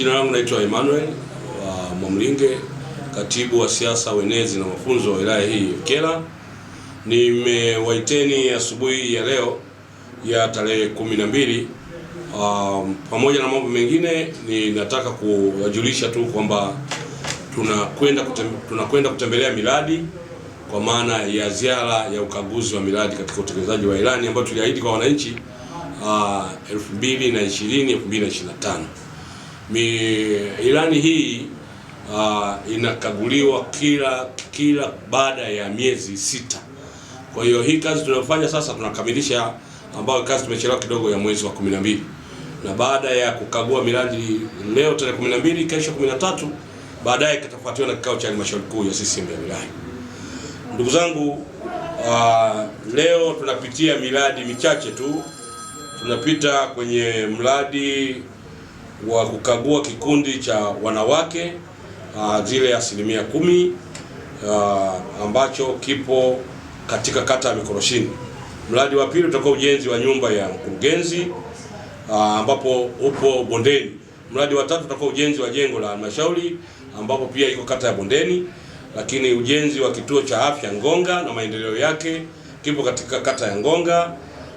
Jina langu naitwa Emmanuel wa Mwamlinge, katibu wa siasa wenezi na mafunzo wa wilaya hii Kyela. Nimewaiteni asubuhi ya leo ya tarehe kumi na mbili. Um, pamoja na mambo mengine ninataka kuwajulisha tu kwamba tunakwenda kutembe, tunakwenda kutembelea miradi kwa maana ya ziara ya ukaguzi wa miradi katika utekelezaji wa ilani ambayo tuliahidi kwa wananchi uh, 2020 2025. Ilani hii uh, inakaguliwa kila kila baada ya miezi sita. Kwa hiyo hii kazi tunayofanya sasa tunakamilisha, ambayo kazi tumechelewa kidogo, ya mwezi wa 12 na baada ya kukagua miradi leo tarehe 12, kesho 13, baadaye kitafuatiwa na kikao cha halmashauri kuu ya CCM ya wilaya. Ndugu zangu, uh, leo tunapitia miradi michache tu, tunapita kwenye mradi wa kukagua kikundi cha wanawake ah, zile asilimia kumi uh, ambacho kipo katika kata ya Mikoroshini. Mradi wa pili utakuwa ujenzi wa nyumba ya mkurugenzi uh, ambapo upo Bondeni. Mradi wa tatu utakuwa ujenzi wa jengo la halmashauri ambapo pia iko kata ya Bondeni, lakini ujenzi wa kituo cha afya Ngonga na maendeleo yake kipo katika kata ya Ngonga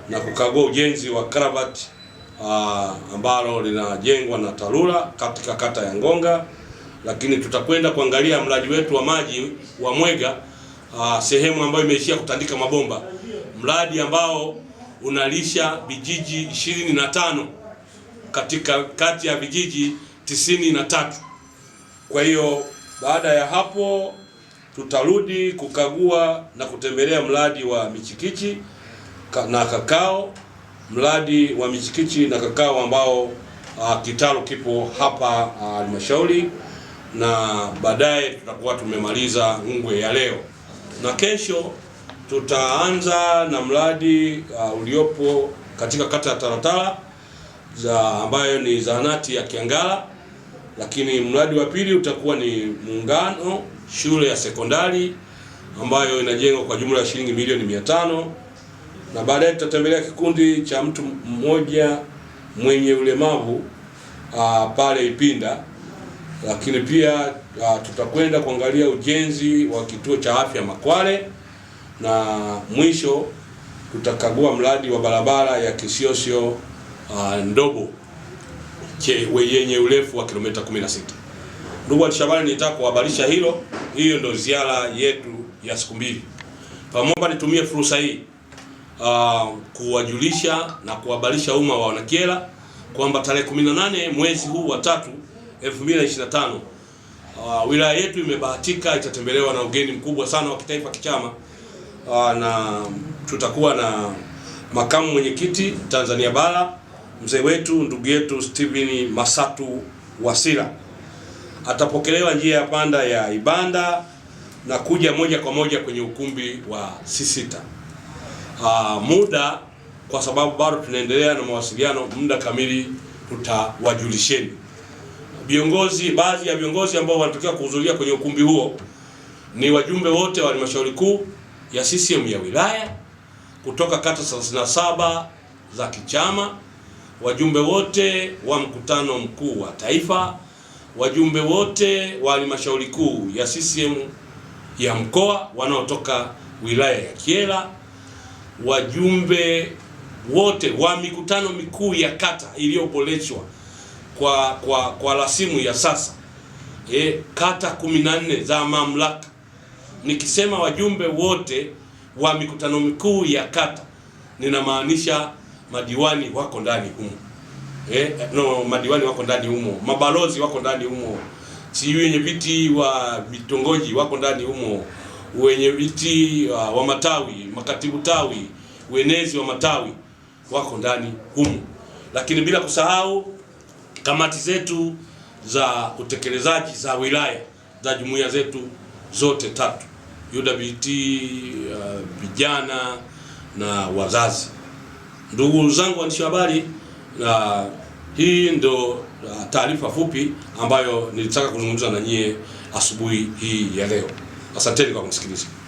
na kukagua ujenzi wa karabati uh, ambalo linajengwa na TARURA katika kata ya Ngonga, lakini tutakwenda kuangalia mradi wetu wa maji wa Mwega uh, sehemu ambayo imeishia kutandika mabomba, mradi ambao unalisha vijiji 25 katika kati ya vijiji tisini na tatu. Kwa hiyo baada ya hapo tutarudi kukagua na kutembelea mradi wa michikichi na kakao mradi wa michikichi na kakao ambao uh, kitalu kipo hapa ah, halmashauri uh, na baadaye tutakuwa tumemaliza ngwe ya leo na kesho tutaanza na mradi uh, uliopo katika kata ya Taratara za ambayo ni zahanati ya Kiangala, lakini mradi wa pili utakuwa ni Muungano shule ya sekondari ambayo inajengwa kwa jumla ya shilingi milioni mia tano na baadaye tutatembelea kikundi cha mtu mmoja mwenye ulemavu uh, pale Ipinda, lakini pia uh, tutakwenda kuangalia ujenzi wa kituo cha afya Makwale na mwisho tutakagua mradi wa barabara ya kisiosio uh, Ndobo yenye urefu wa kilomita 16. Ndugu Alshabani, nitaka kuhabarisha hilo. Hiyo ndio ziara yetu ya siku mbili. Pamoja nitumie fursa hii uh, kuwajulisha na kuhabarisha umma wa Wanakyela kwamba tarehe 18 mwezi huu wa tatu 2025 uh, wilaya yetu imebahatika itatembelewa na ugeni mkubwa sana wa kitaifa kichama uh, na tutakuwa na makamu mwenyekiti Tanzania Bara mzee wetu ndugu yetu Steven Masatu Wasira atapokelewa njia ya panda ya Ibanda na kuja moja kwa moja kwenye ukumbi wa Sisita uh, muda kwa sababu bado tunaendelea na mawasiliano. Muda kamili tutawajulisheni. Viongozi, baadhi ya viongozi ambao wanatokea kuhudhuria kwenye ukumbi huo ni wajumbe wote wa halmashauri kuu ya CCM ya wilaya kutoka kata 37 za kichama, wajumbe wote wa mkutano mkuu wa taifa, wajumbe wote wa halmashauri kuu ya CCM ya mkoa wanaotoka wilaya ya Kyela wajumbe wote wa mikutano mikuu ya kata iliyoboreshwa kwa kwa kwa rasimu ya sasa e, kata 14 za mamlaka. Nikisema wajumbe wote wa mikutano mikuu ya kata ninamaanisha madiwani wako ndani humo e, no, madiwani wako ndani humo, mabalozi wako ndani humo, sijui wenye viti wa vitongoji wako ndani humo wenye viti wa, uh, wa matawi, makatibu tawi, wenezi wa matawi wako ndani humu, lakini bila kusahau kamati zetu za utekelezaji za wilaya za jumuiya zetu zote tatu UWT, uh, vijana na wazazi. Ndugu zangu waandishi wa habari, na uh, hii ndo taarifa fupi ambayo nilitaka kuzungumza na nyie asubuhi hii ya leo. 朝テレビ書く好きですよ